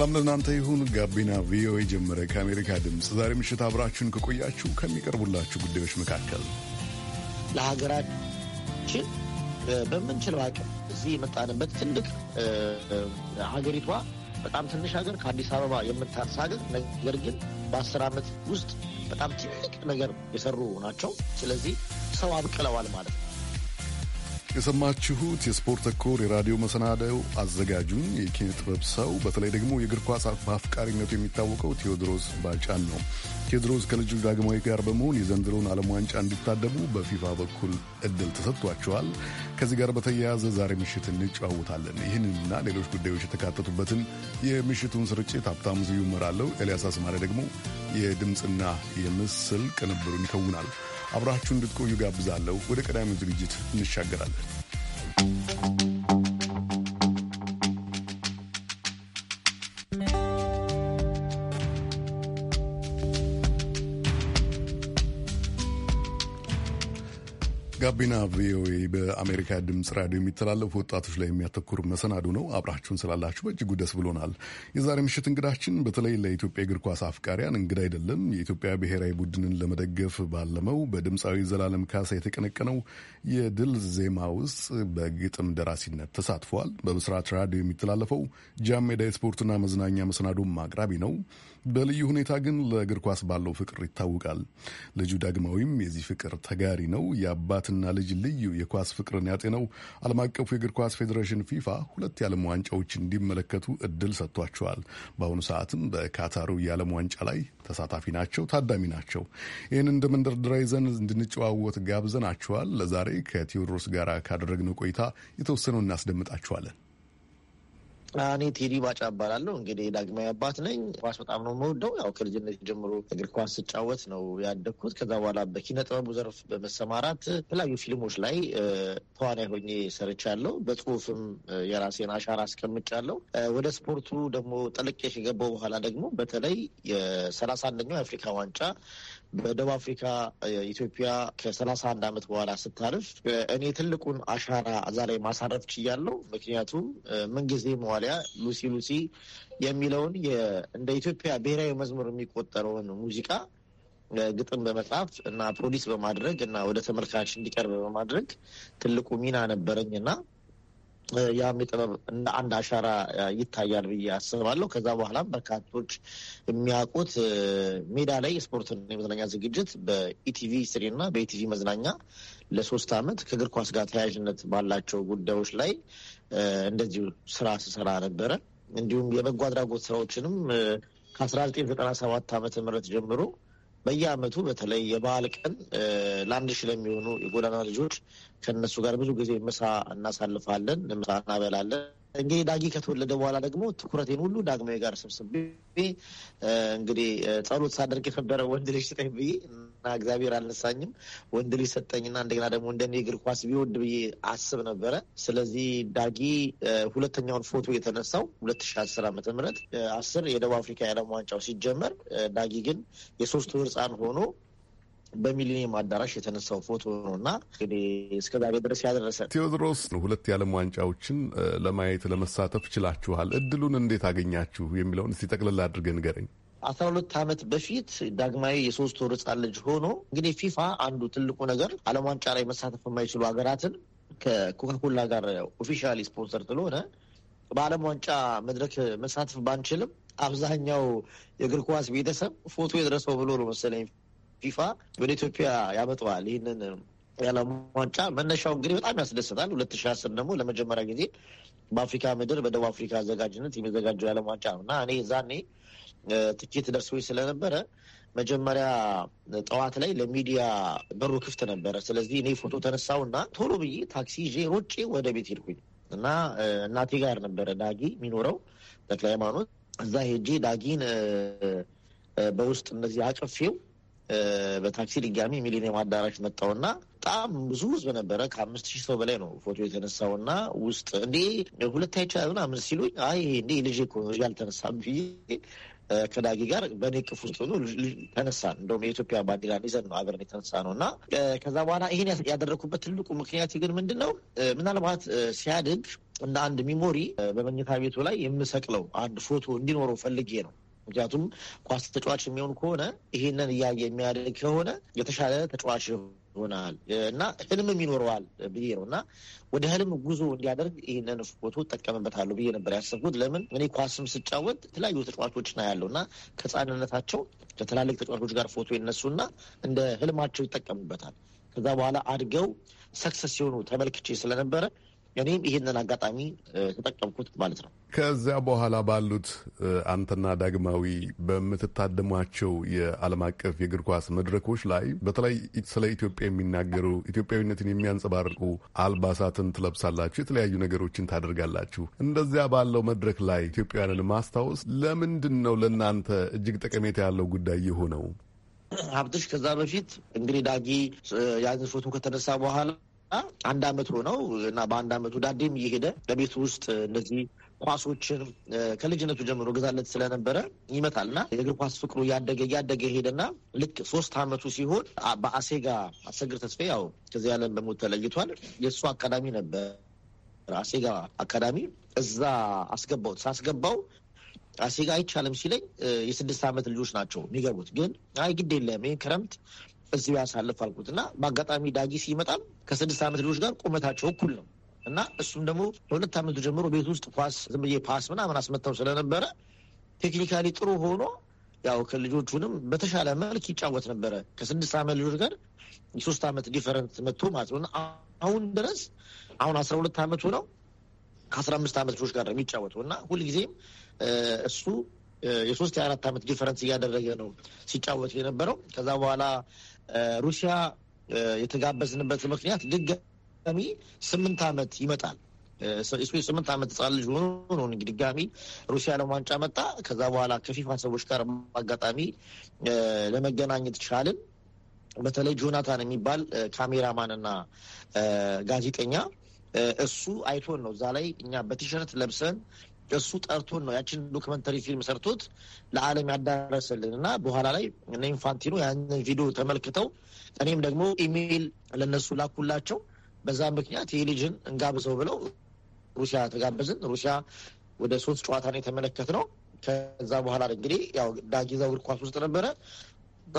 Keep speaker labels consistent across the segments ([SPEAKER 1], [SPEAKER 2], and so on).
[SPEAKER 1] ሰላም ለእናንተ ይሁን። ጋቢና ቪኦኤ ጀመረ። ከአሜሪካ ድምፅ ዛሬ ምሽት አብራችሁን ከቆያችሁ ከሚቀርቡላችሁ ጉዳዮች መካከል
[SPEAKER 2] ለሀገራችን በምንችለው አቅም እዚህ የመጣንበት ትልቅ ሀገሪቷ በጣም ትንሽ ሀገር ከአዲስ አበባ የምታንስ ሀገር ነገር ግን በአስር ዓመት ውስጥ በጣም ትልቅ ነገር የሰሩ ናቸው። ስለዚህ ሰው አብቅለዋል ማለት ነው።
[SPEAKER 1] የሰማችሁት የስፖርት ተኮር የራዲዮ መሰናደው አዘጋጁን የኪነ ጥበብ ሰው በተለይ ደግሞ የእግር ኳስ በአፍቃሪነቱ የሚታወቀው ቴዎድሮስ ባጫን ነው። ቴዎድሮስ ከልጁ ዳግማዊ ጋር በመሆን የዘንድሮውን ዓለም ዋንጫ እንዲታደሙ በፊፋ በኩል እድል ተሰጥቷቸዋል። ከዚህ ጋር በተያያዘ ዛሬ ምሽት እንጨዋወታለን። ይህንና ሌሎች ጉዳዮች የተካተቱበትን የምሽቱን ስርጭት ሀብታሙ ዝዩ እመራለሁ። ኤልያስ አስማሪ ደግሞ የድምፅና የምስል ቅንብሩን ይከውናል። አብራችሁ እንድትቆዩ ጋብዛለሁ። ወደ ቀዳሚው ዝግጅት እንሻገራለን። ጋቢና ቪኦኤ በአሜሪካ ድምፅ ራዲዮ የሚተላለፉ ወጣቶች ላይ የሚያተኩር መሰናዱ ነው። አብራችሁን ስላላችሁ በእጅጉ ደስ ብሎናል። የዛሬ ምሽት እንግዳችን በተለይ ለኢትዮጵያ እግር ኳስ አፍቃሪያን እንግዳ አይደለም። የኢትዮጵያ ብሔራዊ ቡድንን ለመደገፍ ባለመው በድምፃዊ ዘላለም ካሳ የተቀነቀነው የድል ዜማ ውስጥ በግጥም ደራሲነት ተሳትፏል። በብስራት ራዲዮ የሚተላለፈው ጃሜዳ የስፖርትና መዝናኛ መሰናዶም አቅራቢ ነው። በልዩ ሁኔታ ግን ለእግር ኳስ ባለው ፍቅር ይታወቃል። ልጁ ዳግማዊም የዚህ ፍቅር ተጋሪ ነው። የአባትና ልጅ ልዩ የኳስ ፍቅርን ያጤነው ዓለም አቀፉ የእግር ኳስ ፌዴሬሽን ፊፋ ሁለት የዓለም ዋንጫዎች እንዲመለከቱ እድል ሰጥቷቸዋል። በአሁኑ ሰዓትም በካታሩ የዓለም ዋንጫ ላይ ተሳታፊ ናቸው፣ ታዳሚ ናቸው። ይህን እንደ መንደርደሪያ ይዘን እንድንጨዋወት ጋብዘናቸዋል ለዛሬ ከቴዎድሮስ ጋር ካደረግነው ቆይታ የተወሰነው እናስደምጣችኋለን።
[SPEAKER 2] እኔ ቴዲ ባጫ እባላለሁ። እንግዲህ ዳግማዊ አባት ነኝ። ኳስ በጣም ነው የምወደው። ያው ከልጅነት ጀምሮ እግር ኳስ ስጫወት ነው ያደግኩት። ከዛ በኋላ በኪነ ጥበቡ ዘርፍ በመሰማራት የተለያዩ ፊልሞች ላይ ተዋናይ ሆኜ ሰርቻለሁ። በጽሁፍም የራሴን አሻራ አስቀምጫለሁ። ወደ ስፖርቱ ደግሞ ጠልቄ ከገባው በኋላ ደግሞ በተለይ የሰላሳ አንደኛው የአፍሪካ ዋንጫ በደቡብ አፍሪካ ኢትዮጵያ ከሰላሳ አንድ ዓመት በኋላ ስታልፍ እኔ ትልቁን አሻራ እዛ ላይ ማሳረፍ ችያለሁ። ምክንያቱም ምንጊዜ መዋሊያ ሉሲ ሉሲ የሚለውን እንደ ኢትዮጵያ ብሔራዊ መዝሙር የሚቆጠረውን ሙዚቃ ግጥም በመጻፍ እና ፕሮዲስ በማድረግ እና ወደ ተመልካች እንዲቀርብ በማድረግ ትልቁ ሚና ነበረኝ እና ያም የጥበብ አንድ አሻራ ይታያል ብዬ አስባለሁ። ከዛ በኋላም በርካቶች የሚያውቁት ሜዳ ላይ ስፖርትና የመዝናኛ ዝግጅት በኢቲቪ ስሪ እና በኢቲቪ መዝናኛ ለሶስት ዓመት ከእግር ኳስ ጋር ተያያዥነት ባላቸው ጉዳዮች ላይ እንደዚሁ ስራ ስሰራ ነበረ። እንዲሁም የበጎ አድራጎት ስራዎችንም ከ 1997 ዘጠና ዓመተ ምህረት ጀምሮ በየአመቱ በተለይ የበዓል ቀን ለአንድ ሺህ ለሚሆኑ የጎዳና ልጆች ከእነሱ ጋር ብዙ ጊዜ ምሳ እናሳልፋለን፣ ምሳ እናበላለን። እንግዲህ ዳጊ ከተወለደ በኋላ ደግሞ ትኩረቴን ሁሉ ዳግማዊ ጋር ሰብስቤ እንግዲህ ጸሎት ሳደርግ የነበረ ወንድ ልጅ ስጠኝ ብዬ እና እግዚአብሔር አልነሳኝም። ወንድ ልጅ ሰጠኝና እንደገና ደግሞ እንደ እግር ኳስ ቢወድ ብዬ አስብ ነበረ። ስለዚህ ዳጊ ሁለተኛውን ፎቶ የተነሳው ሁለት ሺ አስር ዓመተ ምህረት አስር የደቡብ አፍሪካ የዓለም ዋንጫው ሲጀመር ዳጊ ግን የሶስቱ ህፃን ሆኖ በሚሊኒየም አዳራሽ የተነሳው ፎቶ ነው እና እንግዲህ እስከ ዛሬ ድረስ ያደረሰ
[SPEAKER 1] ቴዎድሮስ፣ ሁለት የዓለም ዋንጫዎችን ለማየት ለመሳተፍ ችላችኋል። እድሉን እንዴት አገኛችሁ የሚለውን እስቲ ጠቅልላ አድርገህ ንገረኝ።
[SPEAKER 2] አስራ ሁለት ዓመት በፊት ዳግማዊ የሶስት ወር ሕፃን ልጅ ሆኖ እንግዲህ ፊፋ አንዱ ትልቁ ነገር ዓለም ዋንጫ ላይ መሳተፍ የማይችሉ ሀገራትን ከኮካኮላ ጋር ኦፊሻሊ ስፖንሰር ስለሆነ በዓለም ዋንጫ መድረክ መሳተፍ ባንችልም አብዛኛው የእግር ኳስ ቤተሰብ ፎቶ የደረሰው ብሎ ነው መሰለኝ ፊፋ ወደ ኢትዮጵያ ያመጣዋል ይህንን የዓለም ዋንጫ መነሻው እንግዲህ በጣም ያስደስታል። ሁለት ሺህ አስር ደግሞ ለመጀመሪያ ጊዜ በአፍሪካ ምድር በደቡብ አፍሪካ አዘጋጅነት የሚዘጋጀው የዓለም ዋንጫ ነው እና እኔ ዛኔ ትኬት ደርሶኝ ስለነበረ መጀመሪያ ጠዋት ላይ ለሚዲያ በሩ ክፍት ነበረ። ስለዚህ እኔ ፎቶ ተነሳው እና ቶሎ ብዬ ታክሲ ይዤ ሮጬ ወደ ቤት ሄድኩኝ እና እናቴ ጋር ነበረ ዳጊ የሚኖረው ተክለ ሃይማኖት። እዛ ሄጄ ዳጊን በውስጥ እነዚህ አቅፌው በታክሲ ድጋሚ ሚሊኒየም አዳራሽ መጣውና በጣም ብዙ ህዝብ ነበረ። ከአምስት ሺህ ሰው በላይ ነው ፎቶ የተነሳው እና ውስጥ እንዴ ሁለት አይቻ ምናምን ሲሉኝ አይ እንዴ ልጅ ያልተነሳ ብዬ ከዳጊ ጋር በንቅፍ ውስጥ ሆኖ ተነሳ። እንደውም የኢትዮጵያ ባንዲራ ይዘን ነው አገር የተነሳ ነው እና ከዛ በኋላ ይህን ያደረግኩበት ትልቁ ምክንያት ግን ምንድን ነው ምናልባት ሲያድግ እንደ አንድ ሚሞሪ በመኝታ ቤቱ ላይ የምሰቅለው አንድ ፎቶ እንዲኖረው ፈልጌ ነው። ምክንያቱም ኳስ ተጫዋች የሚሆን ከሆነ ይህንን እያየ የሚያደግ ከሆነ የተሻለ ተጫዋች ይሆናል እና ህልምም ይኖረዋል ብዬ ነው እና ወደ ህልም ጉዞ እንዲያደርግ ይህንን ፎቶ ጠቀምበታለሁ ብዬ ነበር ያሰብኩት። ለምን እኔ ኳስም ስጫወት የተለያዩ ተጫዋቾች ና ያለው እና ከህፃንነታቸው ከትላልቅ ተጫዋቾች ጋር ፎቶ ይነሱና እንደ ህልማቸው ይጠቀሙበታል። ከዛ በኋላ አድገው ሰክሰስ ሲሆኑ ተመልክቼ ስለነበረ እኔም ይህንን አጋጣሚ ተጠቀምኩት
[SPEAKER 1] ማለት ነው። ከዚያ በኋላ ባሉት አንተና ዳግማዊ በምትታደሟቸው የዓለም አቀፍ የእግር ኳስ መድረኮች ላይ በተለይ ስለ ኢትዮጵያ የሚናገሩ ኢትዮጵያዊነትን የሚያንጸባርቁ አልባሳትን ትለብሳላችሁ፣ የተለያዩ ነገሮችን ታደርጋላችሁ። እንደዚያ ባለው መድረክ ላይ ኢትዮጵያውያንን ማስታወስ ለምንድን ነው ለእናንተ እጅግ ጠቀሜታ ያለው ጉዳይ የሆነው?
[SPEAKER 2] ሀብትሽ ከዛ በፊት እንግዲህ ዳጊ ያንፎቱ ከተነሳ በኋላ አንድ አመት ሆነው እና በአንድ አመቱ ዳዴም እየሄደ በቤት ውስጥ እነዚህ ኳሶችን ከልጅነቱ ጀምሮ ግዛለት ስለነበረ ይመታልና የእግር ኳስ ፍቅሩ እያደገ እያደገ ሄደና ልክ ሶስት አመቱ ሲሆን በአሴጋ አሰግር ተስፋ ያው ከዚህ ዓለም በሞት ተለይቷል። የእሱ አካዳሚ ነበር አሴጋ አካዳሚ። እዛ አስገባው ሳስገባው አሴጋ አይቻልም ሲለኝ የስድስት አመት ልጆች ናቸው የሚገቡት። ግን አይ ግድ የለም ይህ ክረምት እዚሁ ያሳልፍ አልኩት እና በአጋጣሚ ዳጊ ይመጣል ከስድስት ዓመት ልጆች ጋር ቁመታቸው እኩል ነው እና እሱም ደግሞ በሁለት ዓመቱ ጀምሮ ቤት ውስጥ ኳስ ዝም ብዬ ፓስ ምናምን አስመጥተው ስለነበረ ቴክኒካሊ ጥሩ ሆኖ ያው ከልጆቹንም በተሻለ መልክ ይጫወት ነበረ። ከስድስት ዓመት ልጆች ጋር የሶስት ዓመት ዲፈረንት መጥቶ ማለት ነው። አሁን ድረስ አሁን አስራ ሁለት ዓመቱ ነው ከአስራ አምስት ዓመት ልጆች ጋር የሚጫወተው እና ሁልጊዜም እሱ የሶስት የአራት ዓመት ዲፈረንስ እያደረገ ነው ሲጫወት የነበረው። ከዛ በኋላ ሩሲያ የተጋበዝንበት ምክንያት ድጋሚ ስምንት ዓመት ይመጣል። እሱ የስምንት ዓመት ህጻን ልጅ ሆኖ ነው እንግዲህ ድጋሚ ሩሲያ ለዋንጫ መጣ። ከዛ በኋላ ከፊፋ ሰዎች ጋር አጋጣሚ ለመገናኘት ቻልን። በተለይ ጆናታን የሚባል ካሜራማን እና ጋዜጠኛ እሱ አይቶን ነው እዛ ላይ እኛ በቲሸርት ለብሰን እሱ ጠርቶን ነው ያችን ዶክመንተሪ ፊልም ሰርቶት ለዓለም ያዳረሰልን እና በኋላ ላይ እነ ኢንፋንቲኖ ያንን ቪዲዮ ተመልክተው እኔም ደግሞ ኢሜይል ለነሱ ላኩላቸው። በዛ ምክንያት ይህ ልጅን እንጋብዘው ብለው ሩሲያ ተጋበዝን። ሩሲያ ወደ ሶስት ጨዋታ ነው ነው። ከዛ በኋላ እንግዲህ ያው ዳጊዛው እግር ኳስ ውስጥ ነበረ።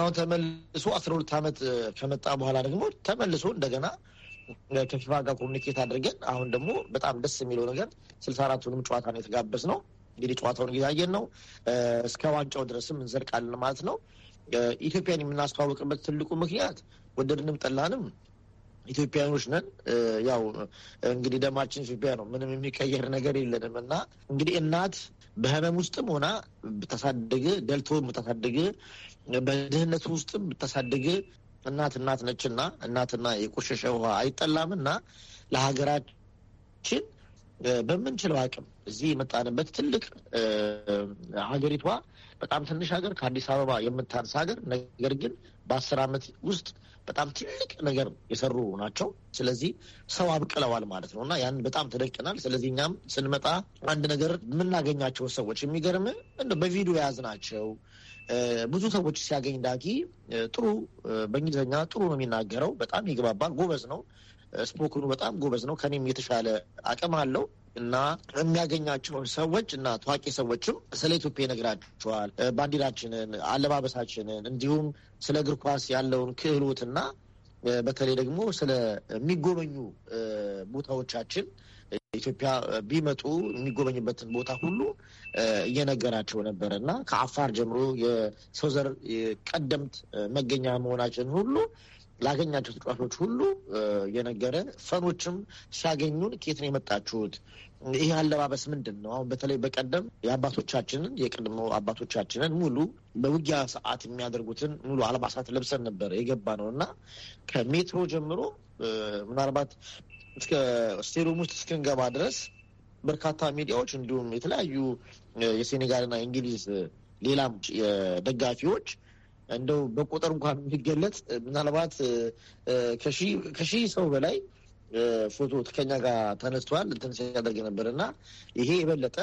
[SPEAKER 2] አሁን ተመልሶ አስራ ሁለት ዓመት ከመጣ በኋላ ደግሞ ተመልሶ እንደገና ከፊፋ ጋር ኮሚኒኬት አድርገን አሁን ደግሞ በጣም ደስ የሚለው ነገር ስልሳ አራቱንም ጨዋታ ነው የተጋበዝ ነው። እንግዲህ ጨዋታውን እየታየን ነው። እስከ ዋንጫው ድረስም እንዘርቃለን ማለት ነው። ኢትዮጵያን የምናስተዋወቅበት ትልቁ ምክንያት ወደድንም ጠላንም ኢትዮጵያኖች ነን። ያው እንግዲህ ደማችን ኢትዮጵያ ነው። ምንም የሚቀየር ነገር የለንም እና እንግዲህ እናት በህመም ውስጥም ሆና ብታሳደገ ደልቶ ብታሳደገ በድህነት ውስጥም ብታሳደገ እናት እናት ነችና እናትና የቆሸሸ ውሃ አይጠላምና ለሀገራችን በምንችለው አቅም እዚህ የመጣንበት ትልቅ ሀገሪቷ በጣም ትንሽ ሀገር ከአዲስ አበባ የምታንስ ሀገር ነገር ግን በአስር ዓመት ውስጥ በጣም ትልቅ ነገር የሰሩ ናቸው። ስለዚህ ሰው አብቅለዋል ማለት ነው እና ያን በጣም ተደቅናል። ስለዚህ እኛም ስንመጣ አንድ ነገር የምናገኛቸው ሰዎች የሚገርም በቪዲዮ የያዝ ናቸው። ብዙ ሰዎች ሲያገኝ ዳጊ ጥሩ በእንግሊዝኛ ጥሩ ነው የሚናገረው። በጣም ይግባባል። ጎበዝ ነው። ስፖክኑ በጣም ጎበዝ ነው። ከኔም የተሻለ አቅም አለው እና የሚያገኛቸውን ሰዎች እና ታዋቂ ሰዎችም ስለ ኢትዮጵያ ይነግራቸዋል። ባንዲራችንን፣ አለባበሳችንን እንዲሁም ስለ እግር ኳስ ያለውን ክህሎትና በተለይ ደግሞ ስለሚጎበኙ ቦታዎቻችን ኢትዮጵያ ቢመጡ የሚጎበኝበትን ቦታ ሁሉ እየነገራቸው ነበረ እና ከአፋር ጀምሮ የሰው ዘር ቀደምት መገኛ መሆናችን ሁሉ ላገኛቸው ተጫዋቾች ሁሉ እየነገረ ፈኖችም ሲያገኙን ከየት ነው የመጣችሁት? ይህ አለባበስ ምንድን ነው? አሁን በተለይ በቀደም የአባቶቻችንን የቀድሞ አባቶቻችንን ሙሉ በውጊያ ሰዓት የሚያደርጉትን ሙሉ አልባሳት ለብሰን ነበር የገባ ነው እና ከሜትሮ ጀምሮ ምናልባት እስከ ስቴዲየም ውስጥ እስክንገባ ድረስ በርካታ ሚዲያዎች እንዲሁም የተለያዩ የሴኔጋልና የእንግሊዝ ሌላም ደጋፊዎች እንደው በቁጥር እንኳን የሚገለጽ ምናልባት ከሺህ ሰው በላይ ፎቶ ከኛ ጋር ተነስተዋል እንትን ሲያደርግ ነበር እና ይሄ የበለጠ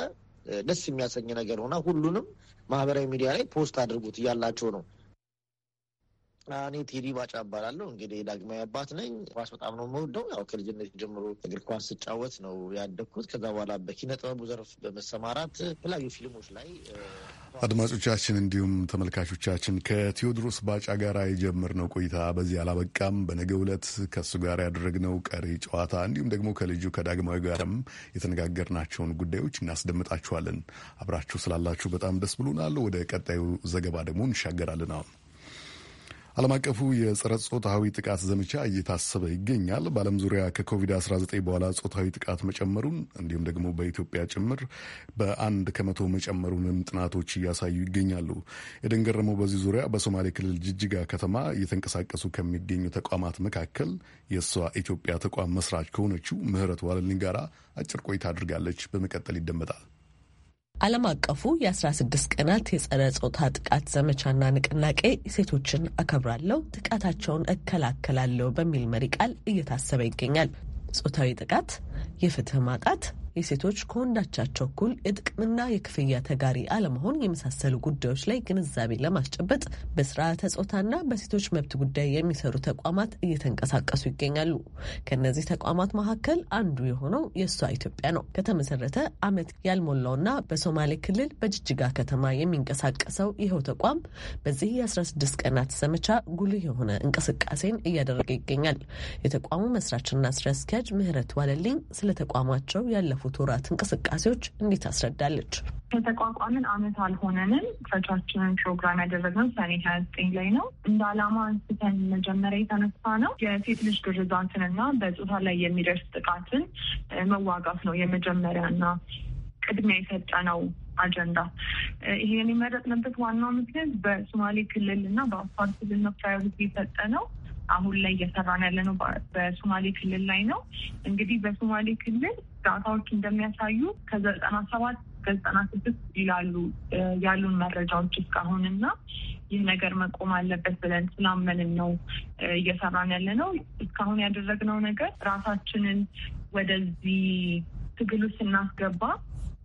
[SPEAKER 2] ደስ የሚያሰኝ ነገር ሆና ሁሉንም ማህበራዊ ሚዲያ ላይ ፖስት አድርጉት እያላቸው ነው እኔ ቴዲ ባጫ እባላለሁ። እንግዲህ ዳግማዊ አባት ነኝ። ኳስ በጣም ነው የምወደው። ያው ከልጅነት ጀምሮ እግር ኳስ ስጫወት ነው ያደግኩት። ከዛ በኋላ በኪነ ጥበቡ ዘርፍ በመሰማራት የተለያዩ ፊልሞች ላይ
[SPEAKER 1] አድማጮቻችን፣ እንዲሁም ተመልካቾቻችን ከቴዎድሮስ ባጫ ጋር የጀመርነው ቆይታ በዚህ አላበቃም። በነገ ዕለት ከእሱ ጋር ያደረግነው ቀሪ ጨዋታ እንዲሁም ደግሞ ከልጁ ከዳግማዊ ጋርም የተነጋገርናቸውን ጉዳዮች እናስደምጣችኋለን። አብራችሁ ስላላችሁ በጣም ደስ ብሎናል። ወደ ቀጣዩ ዘገባ ደግሞ እንሻገራለን አሁን ዓለም አቀፉ የጸረ ጾታዊ ጥቃት ዘመቻ እየታሰበ ይገኛል። በዓለም ዙሪያ ከኮቪድ-19 በኋላ ጾታዊ ጥቃት መጨመሩን እንዲሁም ደግሞ በኢትዮጵያ ጭምር በአንድ ከመቶ መጨመሩንም ጥናቶች እያሳዩ ይገኛሉ። የደንገረመው በዚህ ዙሪያ በሶማሌ ክልል ጅጅጋ ከተማ እየተንቀሳቀሱ ከሚገኙ ተቋማት መካከል የእሷ ኢትዮጵያ ተቋም መስራች ከሆነችው ምህረት ዋለልኝ ጋራ አጭር ቆይታ አድርጋለች። በመቀጠል ይደመጣል።
[SPEAKER 3] ዓለም አቀፉ የ16 ቀናት የጸረ ጾታ ጥቃት ዘመቻና ንቅናቄ ሴቶችን አከብራለሁ፣ ጥቃታቸውን እከላከላለሁ በሚል መሪ ቃል እየታሰበ ይገኛል። ጾታዊ ጥቃት፣ የፍትህ ማጣት፣ የሴቶች ከወንዳቻቸው እኩል የጥቅምና የክፍያ ተጋሪ አለመሆን የመሳሰሉ ጉዳዮች ላይ ግንዛቤ ለማስጨበጥ በስርዓተ ጾታና በሴቶች መብት ጉዳይ የሚሰሩ ተቋማት እየተንቀሳቀሱ ይገኛሉ። ከእነዚህ ተቋማት መካከል አንዱ የሆነው የእሷ ኢትዮጵያ ነው። ከተመሰረተ ዓመት ያልሞላውና በሶማሌ ክልል በጅጅጋ ከተማ የሚንቀሳቀሰው ይኸው ተቋም በዚህ የ16 ቀናት ዘመቻ ጉልህ የሆነ እንቅስቃሴን እያደረገ ይገኛል። የተቋሙ መስራችና ስራ አስኪያጅ ምህረት ዋለልኝ ስለ ተቋማቸው ያለፉ ባለፉት ወራት እንቅስቃሴዎች እንዴት አስረዳለች።
[SPEAKER 4] ከተቋቋምን አመት አልሆነንም። ፈቻችንን ፕሮግራም ያደረግነው ሰኔ ሀያ ዘጠኝ ላይ ነው። እንደ አላማ አንስተን መጀመሪያ የተነሳ ነው የሴት ልጅ ግርዛትን እና በጾታ ላይ የሚደርስ ጥቃትን መዋጋት ነው የመጀመሪያና ቅድሚያ የሰጠነው አጀንዳ። ይሄን የመረጥንበት ዋናው ምክንያት በሶማሌ ክልል እና በአፋር ክልል ነው ፕራዮሪቲ የሰጠነው። አሁን ላይ እየሰራን ነው በሶማሌ ክልል ላይ ነው። እንግዲህ በሶማሌ ክልል ዳታዎች እንደሚያሳዩ ከዘጠና ሰባት ከዘጠና ስድስት ይላሉ ያሉን መረጃዎች እስካሁን እና ይህ ነገር መቆም አለበት ብለን ስላመንን ነው እየሰራን ያለ ነው። እስካሁን ያደረግነው ነገር ራሳችንን ወደዚህ ትግሉ ስናስገባ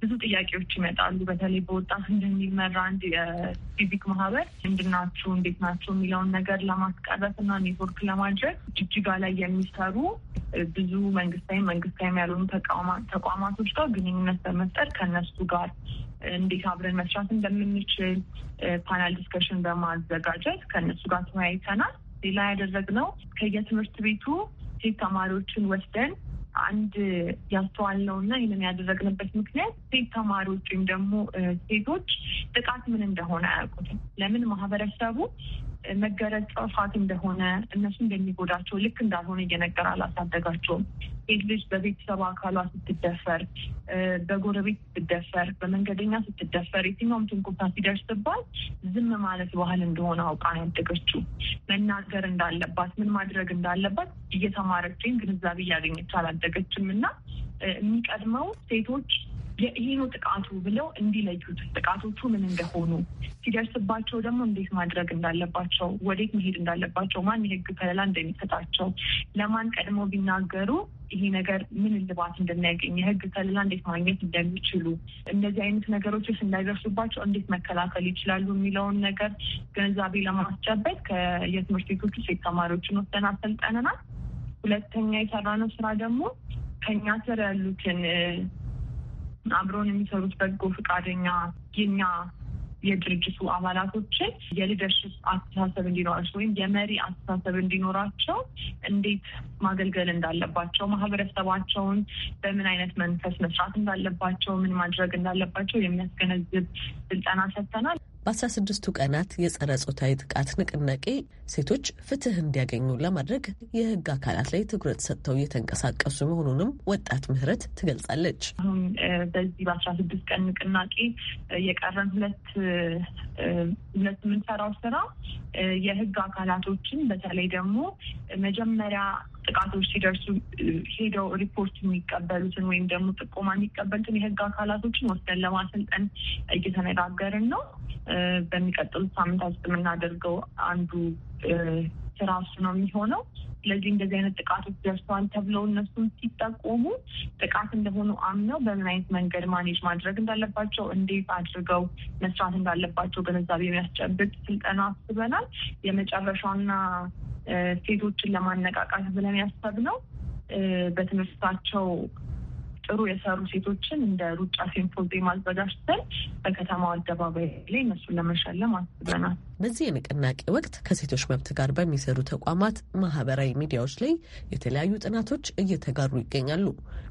[SPEAKER 4] ብዙ ጥያቄዎች ይመጣሉ። በተለይ በወጣት እንደሚመራ አንድ የሲቪክ ማህበር ምንድናችሁ፣ እንዴት ናቸው የሚለውን ነገር ለማስቀረት እና ኔትወርክ ለማድረግ ጅጅጋ ላይ የሚሰሩ ብዙ መንግስታዊ መንግስታዊም ያልሆኑ ተቋማቶች ጋር ግንኙነት በመፍጠር ከእነሱ ጋር እንዴት አብረን መስራት እንደምንችል ፓናል ዲስከሽን በማዘጋጀት ከእነሱ ጋር ተወያይተናል። ሌላ ያደረግነው ከየትምህርት ቤቱ ሴት ተማሪዎችን ወስደን አንድ እና ይህንን ያደረግንበት ምክንያት ሴት ተማሪዎች ወይም ደግሞ ሴቶች ጥቃት ምን እንደሆነ አያውቁትም። ለምን ማህበረሰቡ መገረዝ ጥፋት እንደሆነ እነሱ እንደሚጎዳቸው ልክ እንዳልሆነ እየነገር አላሳደጋቸውም። ሴት ልጅ በቤተሰብ አካሏ ስትደፈር፣ በጎረቤት ስትደፈር፣ በመንገደኛ ስትደፈር፣ የትኛውም ትንኩሳ ሲደርስባት ዝም ማለት ባህል እንደሆነ አውቃ ያደገችው መናገር እንዳለባት ምን ማድረግ እንዳለባት እየተማረች ግንዛቤ እያገኘች አላደገችም እና የሚቀድመው ሴቶች ይህ ነው ጥቃቱ ብለው እንዲለዩት ጥቃቶቹ ምን እንደሆኑ ሲደርስባቸው ደግሞ እንዴት ማድረግ እንዳለባቸው፣ ወዴት መሄድ እንዳለባቸው፣ ማን የህግ ከለላ እንደሚሰጣቸው፣ ለማን ቀድመው ቢናገሩ ይሄ ነገር ምን እልባት እንደሚያገኝ፣ የህግ ከለላ እንዴት ማግኘት እንደሚችሉ፣ እነዚህ አይነት ነገሮች እንዳይደርሱባቸው እንዴት መከላከል ይችላሉ የሚለውን ነገር ግንዛቤ ለማስጨበጥ ከየትምህርት ቤቶች ውስጥ የተማሪዎችን ወስደን አሰልጠንናል። ሁለተኛ የሰራነው ስራ ደግሞ ከእኛ ስር ያሉትን አብረውን የሚሰሩት በጎ ፈቃደኛ የኛ የድርጅቱ አባላቶችን የሊደርሽፕ አስተሳሰብ እንዲኖራቸው ወይም የመሪ አስተሳሰብ እንዲኖራቸው እንዴት ማገልገል እንዳለባቸው፣ ማህበረሰባቸውን በምን አይነት መንፈስ
[SPEAKER 3] መስራት እንዳለባቸው፣ ምን ማድረግ እንዳለባቸው የሚያስገነዝብ ስልጠና ሰጥተናል። በ16ቱ ቀናት የጸረ ጾታዊ ጥቃት ንቅናቄ ሴቶች ፍትህ እንዲያገኙ ለማድረግ የህግ አካላት ላይ ትኩረት ሰጥተው እየተንቀሳቀሱ መሆኑንም ወጣት ምህረት ትገልጻለች። አሁን በዚህ በአስራ ስድስት ቀን ንቅናቄ የቀረን ሁለት
[SPEAKER 4] ሁለት የምንሰራው ስራ የህግ አካላቶችን በተለይ ደግሞ መጀመሪያ ጥቃቶች ሲደርሱ ሄደው ሪፖርት የሚቀበሉትን ወይም ደግሞ ጥቆማ የሚቀበሉትን የህግ አካላቶችን ወስደን ለማሰልጠን እየተነጋገርን ነው። በሚቀጥሉት ሳምንታት ውስጥ የምናደርገው አንዱ ስራ እሱ ነው የሚሆነው። ስለዚህ እንደዚህ አይነት ጥቃቶች ደርሰዋል ተብለው እነሱን ሲጠቆሙ ጥቃት እንደሆኑ አምነው በምን አይነት መንገድ ማኔጅ ማድረግ እንዳለባቸው፣ እንዴት አድርገው መስራት እንዳለባቸው ግንዛቤ የሚያስጨብጥ ስልጠና አስበናል። የመጨረሻና ሴቶችን ለማነቃቃት ብለን ያሰብነው በትምህርታቸው ጥሩ የሰሩ ሴቶችን እንደ ሩጫ ሲምፖዚየም አዘጋጅተን በከተማው አደባባይ ላይ እነሱን ለመሸለም
[SPEAKER 3] አስበናል። በዚህ የንቅናቄ ወቅት ከሴቶች መብት ጋር በሚሰሩ ተቋማት ማህበራዊ ሚዲያዎች ላይ የተለያዩ ጥናቶች እየተጋሩ ይገኛሉ።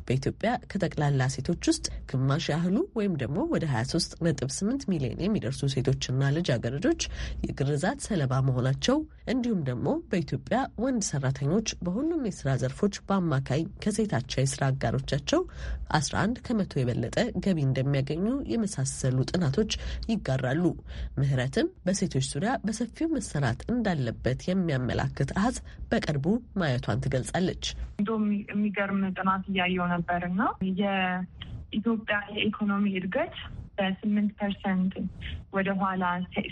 [SPEAKER 3] በኢትዮጵያ ከጠቅላላ ሴቶች ውስጥ ግማሽ ያህሉ ወይም ደግሞ ወደ 23.8 ሚሊዮን የሚደርሱ ሴቶችና ልጃገረዶች የግርዛት ሰለባ መሆናቸው እንዲሁም ደግሞ በኢትዮጵያ ወንድ ሰራተኞች በሁሉም የስራ ዘርፎች በአማካይ ከሴታቸው የስራ አጋሮቻቸው 11 ከመቶ የበለጠ ገቢ እንደሚያገኙ የመሳሰሉ ጥናቶች ይጋራሉ። ምህረትም በሴቶች ዙሪያ በሰፊው መሰራት እንዳለበት የሚያመላክት አሃዝ በቅርቡ ማየቷን ትገልጻለች።
[SPEAKER 4] እንዲሁም የሚገርም ጥናት እያየው ነበር ነበርና የኢትዮጵያ የኢኮኖሚ እድገት በስምንት ፐርሰንት ወደኋላ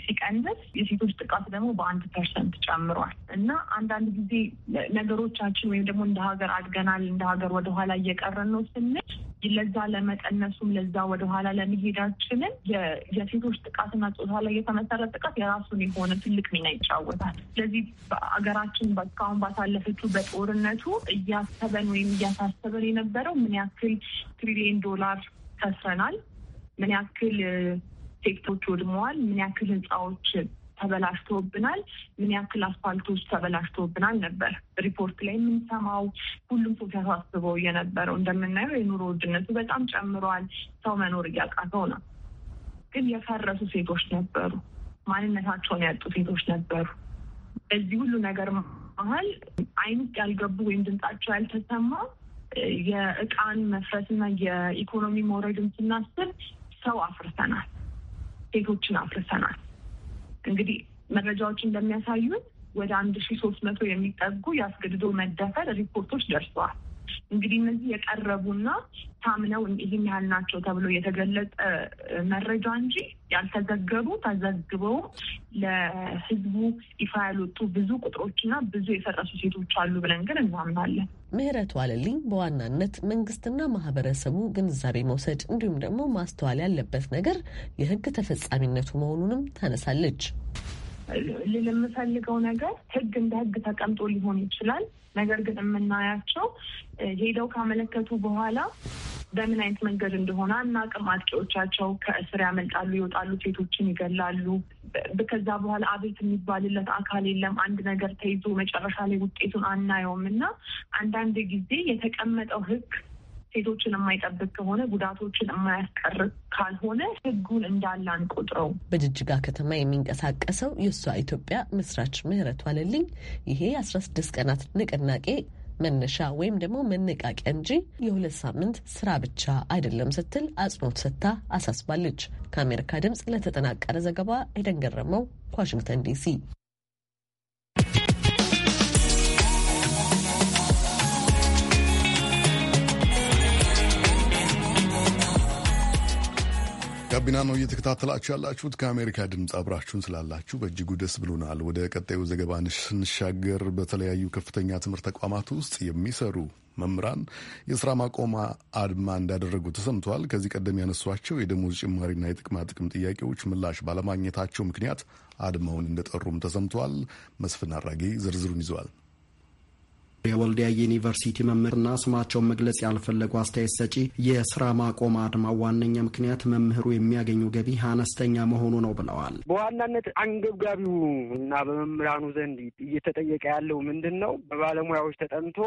[SPEAKER 4] ሲቀንስ የሴቶች ጥቃት ደግሞ በአንድ ፐርሰንት ጨምሯል እና አንዳንድ ጊዜ ነገሮቻችን ወይም ደግሞ እንደ ሀገር አድገናል እንደ ሀገር ወደኋላ እየቀረን ነው ስንል ለዛ ለመቀነሱም ለዛ ወደኋላ ለመሄዳችንን የሴቶች ጥቃትና ጾታ ላይ የተመሰረ ጥቃት የራሱን የሆነ ትልቅ ሚና ይጫወታል። ስለዚህ ሀገራችን እስካሁን ባሳለፈችው በጦርነቱ እያሰበን ወይም እያሳሰበን የነበረው ምን ያክል ትሪሊየን ዶላር ከስረናል ምን ያክል ሴክቶች ወድመዋል፣ ምን ያክል ህንፃዎች ተበላሽተውብናል፣ ምን ያክል አስፋልቶች ተበላሽተውብናል ነበር ሪፖርት ላይ የምንሰማው። ሁሉም ሰው ሲያሳስበው የነበረው እንደምናየው የኑሮ ውድነቱ በጣም ጨምሯል። ሰው መኖር እያቃተው ነው። ግን የፈረሱ ሴቶች ነበሩ፣ ማንነታቸውን ያጡ ሴቶች ነበሩ። እዚህ ሁሉ ነገር መሀል አይን ውስጥ ያልገቡ ወይም ድምጻቸው ያልተሰማ የእቃን መፍረስና የኢኮኖሚ መውረድን ስናስብ ሰው አፍርሰናል፣ ሴቶችን አፍርሰናል። እንግዲህ መረጃዎች እንደሚያሳዩን ወደ አንድ ሺ ሶስት መቶ የሚጠጉ የአስገድዶ መደፈር ሪፖርቶች ደርሰዋል። እንግዲህ እነዚህ የቀረቡና ታምነው ይህን ያህል ናቸው ተብሎ የተገለጠ መረጃ እንጂ ያልተዘገቡ ተዘግበው ለሕዝቡ ይፋ ያልወጡ ብዙ ቁጥሮችና ብዙ የፈረሱ ሴቶች አሉ
[SPEAKER 3] ብለን ግን እናምናለን። ምህረቱ አለልኝ በዋናነት መንግስትና ማህበረሰቡ ግንዛቤ መውሰድ እንዲሁም ደግሞ ማስተዋል ያለበት ነገር የህግ ተፈጻሚነቱ መሆኑንም ታነሳለች።
[SPEAKER 4] ልል የምፈልገው ነገር ህግ እንደ ህግ ተቀምጦ ሊሆን ይችላል። ነገር ግን የምናያቸው ሄደው ካመለከቱ በኋላ በምን አይነት መንገድ እንደሆነ አናቅም። አጥቂዎቻቸው ከእስር ያመልጣሉ፣ ይወጣሉ፣ ሴቶችን ይገላሉ። ከዛ በኋላ አቤት የሚባልለት አካል የለም። አንድ ነገር ተይዞ መጨረሻ ላይ ውጤቱን አናየውም እና አንዳንድ ጊዜ የተቀመጠው ህግ ሴቶችን የማይጠብቅ ከሆነ
[SPEAKER 3] ጉዳቶችን የማያስቀር ካልሆነ ህጉን እንዳላን አንቆጥረው። በጅጅጋ ከተማ የሚንቀሳቀሰው የእሷ ኢትዮጵያ ምስራች ምህረቱ አለልኝ ይሄ አስራ ስድስት ቀናት ንቅናቄ መነሻ ወይም ደግሞ መነቃቂያ እንጂ የሁለት ሳምንት ስራ ብቻ አይደለም ስትል አጽንኦት ሰጥታ አሳስባለች። ከአሜሪካ ድምፅ ለተጠናቀረ ዘገባ ኤደን ገረመው ከዋሽንግተን ዲሲ
[SPEAKER 1] ጋቢና ነው እየተከታተላችሁ ያላችሁት። ከአሜሪካ ድምፅ አብራችሁን ስላላችሁ በእጅጉ ደስ ብሎናል። ወደ ቀጣዩ ዘገባ ስንሻገር በተለያዩ ከፍተኛ ትምህርት ተቋማት ውስጥ የሚሰሩ መምህራን የስራ ማቆም አድማ እንዳደረጉ ተሰምተዋል። ከዚህ ቀደም ያነሷቸው የደሞዝ ጭማሪና የጥቅማ ጥቅም ጥያቄዎች ምላሽ ባለማግኘታቸው ምክንያት አድማውን እንደጠሩም ተሰምተዋል። መስፍን አራጌ ዝርዝሩን ይዘዋል።
[SPEAKER 5] የወልዲያ ዩኒቨርሲቲ መምህርና ስማቸውን መግለጽ ያልፈለጉ አስተያየት ሰጪ የስራ ማቆም አድማ ዋነኛ ምክንያት መምህሩ የሚያገኙ ገቢ አነስተኛ መሆኑ ነው ብለዋል።
[SPEAKER 6] በዋናነት አንገብጋቢው እና በመምህራኑ ዘንድ እየተጠየቀ ያለው ምንድን ነው? በባለሙያዎች ተጠንቶ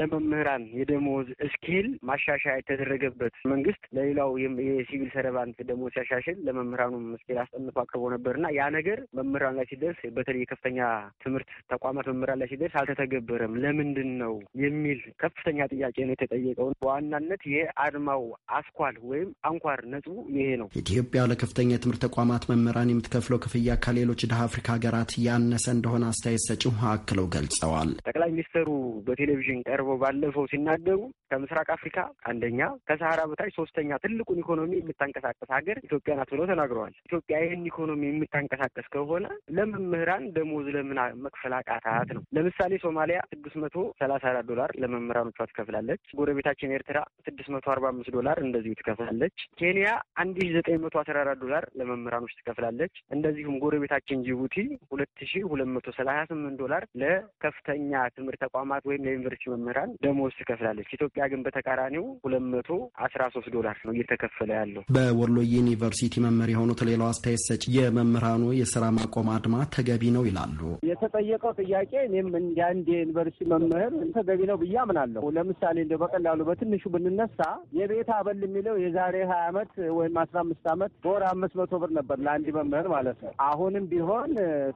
[SPEAKER 6] ለመምህራን የደሞዝ እስኬል ማሻሻያ የተደረገበት መንግስት ለሌላው የሲቪል ሰረባንት ደሞዝ ሲያሻሽል ለመምህራኑ እስኬል አስጠንቶ አቅርቦ ነበርና ያ ነገር መምህራን ላይ ሲደርስ በተለይ የከፍተኛ ትምህርት ተቋማት መምህራን ላይ ሲደርስ አልተተገበረም። ለምን ምንድን ነው የሚል ከፍተኛ ጥያቄ ነው የተጠየቀው። በዋናነት የአድማው አስኳል ወይም አንኳር ነጥቡ ይሄ ነው።
[SPEAKER 5] ኢትዮጵያ ለከፍተኛ የትምህርት ተቋማት መምህራን የምትከፍለው ክፍያ ከሌሎች ደሀ አፍሪካ ሀገራት ያነሰ እንደሆነ አስተያየት ሰጪው አክለው ገልጸዋል።
[SPEAKER 6] ጠቅላይ ሚኒስትሩ በቴሌቪዥን ቀርበው ባለፈው ሲናገሩ ከምስራቅ አፍሪካ አንደኛ፣ ከሰሃራ በታች ሶስተኛ ትልቁን ኢኮኖሚ የምታንቀሳቀስ ሀገር ኢትዮጵያ ናት ብለው ተናግረዋል። ኢትዮጵያ ይህን ኢኮኖሚ የምታንቀሳቀስ ከሆነ ለመምህራን ደሞዝ ለምን መክፈል አቃታት ነው? ለምሳሌ ሶማሊያ ስድስት መቶ ሰላሳ አራት ዶላር ለመምህራኖቿ ትከፍላለች። ጎረቤታችን ኤርትራ ስድስት መቶ አርባ አምስት ዶላር እንደዚሁ ትከፍላለች። ኬንያ አንድ ሺ ዘጠኝ መቶ አስራ አራት ዶላር ለመምህራኖች ትከፍላለች። እንደዚሁም ጎረቤታችን ጅቡቲ ሁለት ሺ ሁለት መቶ ሰላሳ ስምንት ዶላር ለከፍተኛ ትምህርት ተቋማት ወይም ለዩኒቨርሲቲ መምህራን ደሞዝ ትከፍላለች። ኢትዮጵያ ግን በተቃራኒው ሁለት መቶ አስራ ሶስት ዶላር ነው እየተከፈለ ያለው።
[SPEAKER 5] በወሎ ዩኒቨርሲቲ መምህር የሆኑት ሌላው አስተያየት ሰጭ የመምህራኑ የስራ ማቆም አድማ ተገቢ ነው ይላሉ።
[SPEAKER 6] የተጠየቀው ጥያቄ እኔም እንደ አንድ የዩኒቨርሲቲ መምህር መምህር ተገቢ ነው ብዬ አምናለሁ። ለምሳሌ እንደ በቀላሉ በትንሹ ብንነሳ የቤት አበል የሚለው የዛሬ ሀያ አመት ወይም አስራ አምስት አመት በወር አምስት መቶ ብር ነበር ለአንድ መምህር ማለት ነው። አሁንም ቢሆን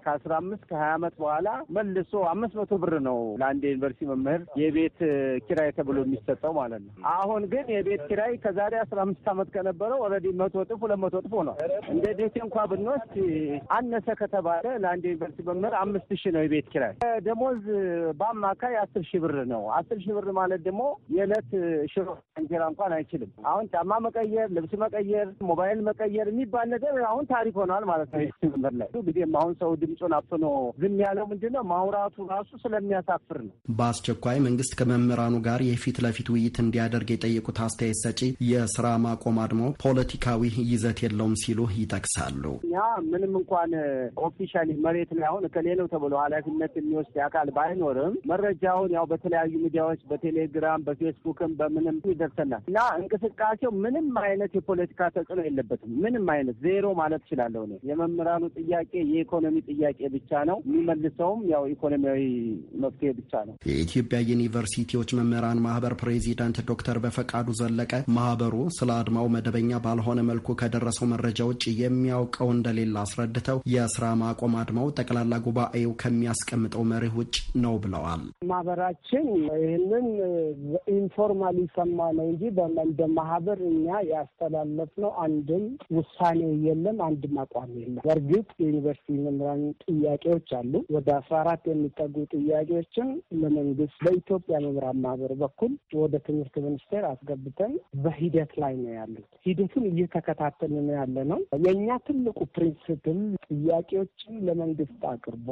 [SPEAKER 6] ከአስራ አምስት ከሀያ አመት በኋላ መልሶ አምስት መቶ ብር ነው ለአንድ የዩኒቨርሲቲ መምህር የቤት ኪራይ ተብሎ የሚሰጠው ማለት ነው። አሁን ግን የቤት ኪራይ ከዛሬ አስራ አምስት አመት ከነበረው ኦልሬዲ መቶ እጥፍ ሁለት መቶ እጥፍ ነው። እንደ ዴቴ እንኳ ብንወስድ አነሰ ከተባለ ለአንድ ዩኒቨርሲቲ መምህር አምስት ሺህ ነው የቤት ኪራይ ደሞዝ በአማካይ አስር ሺህ ብር ነው። አስር ሺህ ብር ማለት ደግሞ የዕለት ሽሮ እንጀራ እንኳን አይችልም። አሁን ጫማ መቀየር፣ ልብስ መቀየር፣ ሞባይል መቀየር የሚባል ነገር አሁን ታሪክ ሆኗል ማለት ነው። ሽብር ላይ ጊዜም አሁን ሰው ድምፁን አፍኖ ዝም ያለው ምንድን ነው ማውራቱ ራሱ ስለሚያሳፍር ነው።
[SPEAKER 5] በአስቸኳይ መንግስት ከመምህራኑ ጋር የፊት ለፊት ውይይት እንዲያደርግ የጠየቁት አስተያየት ሰጪ የስራ ማቆም አድሞ ፖለቲካዊ ይዘት የለውም ሲሉ ይጠቅሳሉ።
[SPEAKER 6] ያ ምንም እንኳን ኦፊሻሊ መሬት ላይ አሁን ከሌለው ተብሎ ኃላፊነት የሚወስድ አካል ባይኖርም መረጃው እስካሁን ያው በተለያዩ ሚዲያዎች በቴሌግራም በፌስቡክም በምንም ይደርሰናል እና እንቅስቃሴው ምንም አይነት የፖለቲካ ተጽዕኖ የለበትም። ምንም አይነት ዜሮ ማለት እችላለሁ እኔ። የመምህራኑ ጥያቄ የኢኮኖሚ ጥያቄ ብቻ ነው። የሚመልሰውም ያው ኢኮኖሚያዊ መፍትሄ ብቻ ነው።
[SPEAKER 5] የኢትዮጵያ ዩኒቨርሲቲዎች መምህራን ማህበር ፕሬዚዳንት ዶክተር በፈቃዱ ዘለቀ ማህበሩ ስለ አድማው መደበኛ ባልሆነ መልኩ ከደረሰው መረጃ ውጭ የሚያውቀው እንደሌለ አስረድተው የስራ ማቆም አድማው ጠቅላላ ጉባኤው ከሚያስቀምጠው መርህ ውጭ ነው ብለዋል።
[SPEAKER 6] ማህበራችን ይህንን ኢንፎርማል ይሰማ ነው እንጂ እንደ ማህበር እኛ ነው አንድም ውሳኔ የለም፣ አንድም አቋም የለም። በእርግጥ የዩኒቨርሲቲ መምህራን ጥያቄዎች አሉ። ወደ አስራ አራት የሚጠጉ ጥያቄዎችን ለመንግስት በኢትዮጵያ መምህራን ማህበር በኩል ወደ ትምህርት ሚኒስቴር አስገብተን በሂደት ላይ ነው ያሉት። ሂደቱን እየተከታተልን ያለ ነው። የእኛ ትልቁ ፕሪንስፕል ጥያቄዎችን ለመንግስት አቅርቦ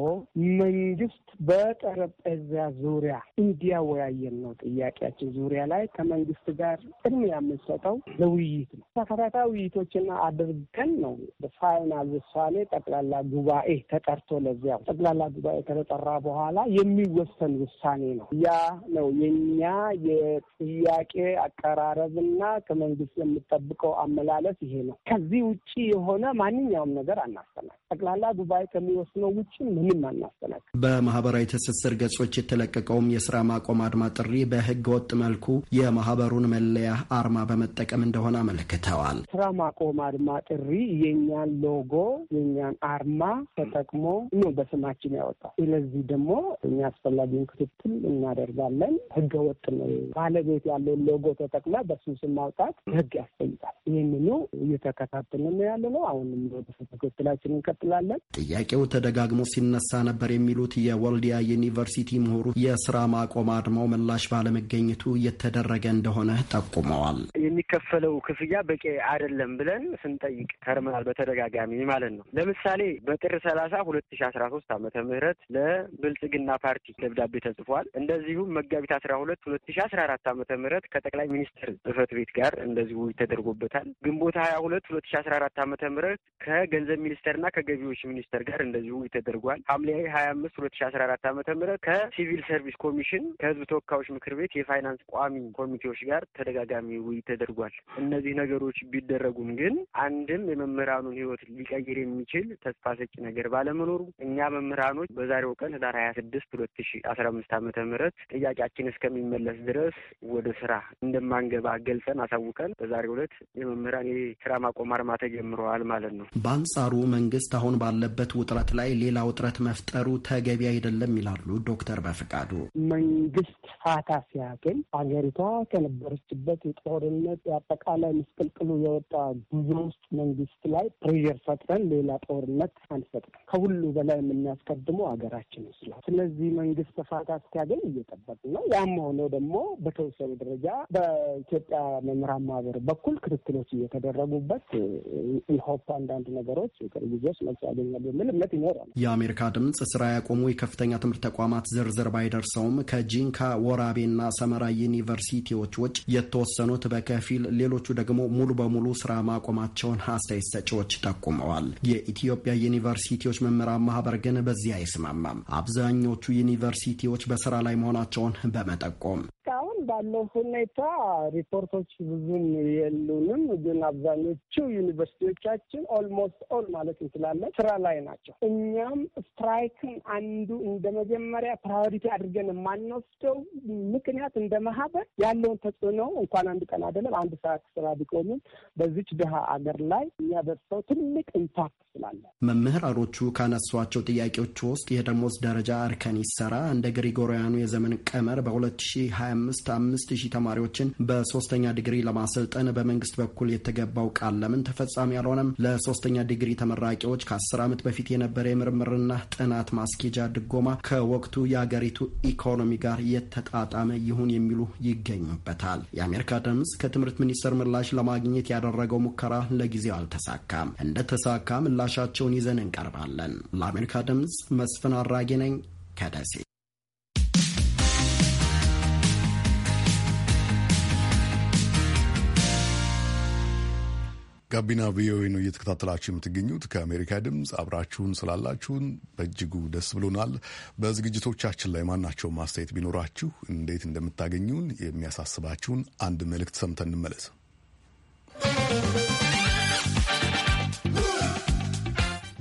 [SPEAKER 6] መንግስት በጠረጴዛ ዙ ዙሪያ እንዲያወያየን ነው ጥያቄያችን። ዙሪያ ላይ ከመንግስት ጋር ቅድሚያ የምንሰጠው ለውይይት ነው። ተከታታይ ውይይቶችና አድርገን ነው በፋይናል ውሳኔ ጠቅላላ ጉባኤ ተጠርቶ ለዚያው ጠቅላላ ጉባኤ ከተጠራ በኋላ የሚወሰን ውሳኔ ነው። ያ ነው የኛ የጥያቄ አቀራረብና ከመንግስት የምጠብቀው አመላለስ ይሄ ነው። ከዚህ ውጭ የሆነ ማንኛውም ነገር አናስተናል። ጠቅላላ ጉባኤ ከሚወስነው ውጭ ምንም አናስተናል።
[SPEAKER 5] በማህበራዊ ትስስር ገጾች የተለቀቀ የተጠየቀውም የስራ ማቆም አድማ ጥሪ በህገ ወጥ መልኩ የማህበሩን መለያ አርማ በመጠቀም እንደሆነ አመልክተዋል።
[SPEAKER 6] ስራ ማቆም አድማ ጥሪ የእኛን ሎጎ የእኛን አርማ ተጠቅሞ ነው በስማችን ያወጣው። ስለዚህ ደግሞ እኛ አስፈላጊውን ክትትል እናደርጋለን። ህገ ወጥ ነው ባለቤት ያለውን ሎጎ ተጠቅመ በሱ ስም ማውጣት ህግ ያስጠይቃል። ይህንኑ እየተከታተልን ነው ያለ ነው። አሁንም ክትትላችን እንቀጥላለን።
[SPEAKER 5] ጥያቄው ተደጋግሞ ሲነሳ ነበር የሚሉት የወልዲያ ዩኒቨርሲቲ ምሁሩ የስራ ማቆም አድማው ምላሽ ባለመገኘቱ እየተደረገ እንደሆነ ጠቁመዋል።
[SPEAKER 6] የሚከፈለው ክፍያ በቂ አይደለም ብለን ስንጠይቅ ከርመናል በተደጋጋሚ ማለት ነው። ለምሳሌ በጥር ሰላሳ ሁለት ሺ አስራ ሶስት ዓመተ ምህረት ለብልጽግና ፓርቲ ደብዳቤ ተጽፏል። እንደዚሁም መጋቢት አስራ ሁለት ሁለት ሺ አስራ አራት አመተ ምህረት ከጠቅላይ ሚኒስትር ጽህፈት ቤት ጋር እንደዚሁ ተደርጎበታል። ግንቦት ሀያ ሁለት ሁለት ሺ አስራ አራት አመተ ምህረት ከገንዘብ ሚኒስቴርና ከገቢዎች ሚኒስተር ጋር እንደዚሁ ተደርጓል። ሐምሌ ሀያ አምስት ሁለት ሺ አስራ አራት አመተ ምህረት ከሲቪል ሰርቪስ ሰርቪስ ኮሚሽን ከህዝብ ተወካዮች ምክር ቤት የፋይናንስ ቋሚ ኮሚቴዎች ጋር ተደጋጋሚ ውይይት ተደርጓል። እነዚህ ነገሮች ቢደረጉም ግን አንድም የመምህራኑን ህይወት ሊቀይር የሚችል ተስፋ ሰጪ ነገር ባለመኖሩ እኛ መምህራኖች በዛሬው ቀን ህዳር ሀያ ስድስት ሁለት ሺ አስራ አምስት ዓመተ ምህረት ጥያቄያችን እስከሚመለስ ድረስ ወደ ስራ እንደማንገባ ገልጸን አሳውቀን በዛሬው ዕለት የመምህራን የስራ ማቆም አርማ ተጀምረዋል ማለት ነው።
[SPEAKER 5] በአንጻሩ መንግስት አሁን ባለበት ውጥረት ላይ ሌላ ውጥረት መፍጠሩ ተገቢ አይደለም ይላሉ ዶክተር በፍቃዱ
[SPEAKER 6] መንግስት ፋታ ሲያገኝ ሀገሪቷ ከነበረችበት የጦርነት የአጠቃላይ ምስቅልቅሉ የወጣ ጉዞ ውስጥ መንግስት ላይ ፕሬር ፈጥረን ሌላ ጦርነት አንፈጥረን ከሁሉ በላይ የምናስቀድመው ሀገራችን ስላ ስለዚህ መንግስት ፋታ እስኪያገኝ እየጠበቅን ነው። ያም ሆኖ ደግሞ በተወሰኑ ደረጃ በኢትዮጵያ መምህራን ማህበር በኩል ክትትሎች እየተደረጉበት ኢንሆፕ አንዳንድ ነገሮች ቅርብ ጊዜ ውስጥ ያገኛሉ የሚል እምነት
[SPEAKER 5] ይኖራል። የአሜሪካ ድምጽ ስራ ያቆሙ የከፍተኛ ትምህርት ተቋማት ዝርዝር ባይደርስ የሚደርሰውም ከጂንካ ወራቤና ሰመራ ዩኒቨርሲቲዎች ውጭ የተወሰኑት በከፊል ሌሎቹ ደግሞ ሙሉ በሙሉ ስራ ማቆማቸውን አስተያየት ሰጪዎች ጠቁመዋል። የኢትዮጵያ ዩኒቨርሲቲዎች መምህራን ማህበር ግን በዚህ አይስማማም። አብዛኞቹ ዩኒቨርሲቲዎች በስራ ላይ መሆናቸውን በመጠቆም
[SPEAKER 6] ባለው ሁኔታ ሪፖርቶች ብዙም የሉንም፣ ግን አብዛኞቹ ዩኒቨርሲቲዎቻችን ኦልሞስት ኦል ማለት እንችላለን ስራ ላይ ናቸው። እኛም ስትራይክን አንዱ እንደ መጀመሪያ ፕራዮሪቲ አድርገን የማንወስደው ምክንያት እንደ ማህበር ያለውን ተጽዕኖ እንኳን አንድ ቀን አይደለም አንድ ሰዓት ስራ ቢቆምም በዚች ድሃ አገር ላይ የሚያደርሰው ትልቅ ኢምፓክት ስላለ
[SPEAKER 5] መምህራሮቹ ካነሷቸው ጥያቄዎች ውስጥ የደሞዝ ደረጃ እርከን ይሰራ እንደ ግሪጎሪያኑ የዘመን ቀመር በ2025 አምስት ሺህ ተማሪዎችን በሶስተኛ ዲግሪ ለማሰልጠን በመንግስት በኩል የተገባው ቃል ለምን ተፈጻሚ አልሆነም? ለሶስተኛ ዲግሪ ተመራቂዎች ከአስር ዓመት በፊት የነበረ የምርምርና ጥናት ማስኬጃ ድጎማ ከወቅቱ የአገሪቱ ኢኮኖሚ ጋር የተጣጣመ ይሁን የሚሉ ይገኙበታል። የአሜሪካ ድምፅ ከትምህርት ሚኒስቴር ምላሽ ለማግኘት ያደረገው ሙከራ ለጊዜው አልተሳካም። እንደተሳካ ምላሻቸውን ይዘን እንቀርባለን። ለአሜሪካ ድምፅ መስፍን አራጌ ነኝ ከደሴ።
[SPEAKER 1] ጋቢና ቪኦኤ ነው እየተከታተላችሁ የምትገኙት። ከአሜሪካ ድምፅ አብራችሁን ስላላችሁን በእጅጉ ደስ ብሎናል። በዝግጅቶቻችን ላይ ማናቸው ማስተያየት ቢኖራችሁ እንዴት እንደምታገኙን የሚያሳስባችሁን አንድ መልእክት ሰምተን እንመለስ።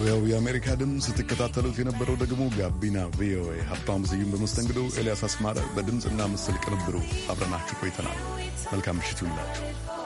[SPEAKER 1] ጣቢያው የአሜሪካ ድምፅ ስትከታተሉት የነበረው ደግሞ ጋቢና ቪኦኤ። ሀብታም ስዩም በመስተንግዶ ኤልያስ አስማረ በድምፅና ምስል ቅንብሩ አብረናችሁ ቆይተናል። መልካም ምሽት ይሁንላችሁ።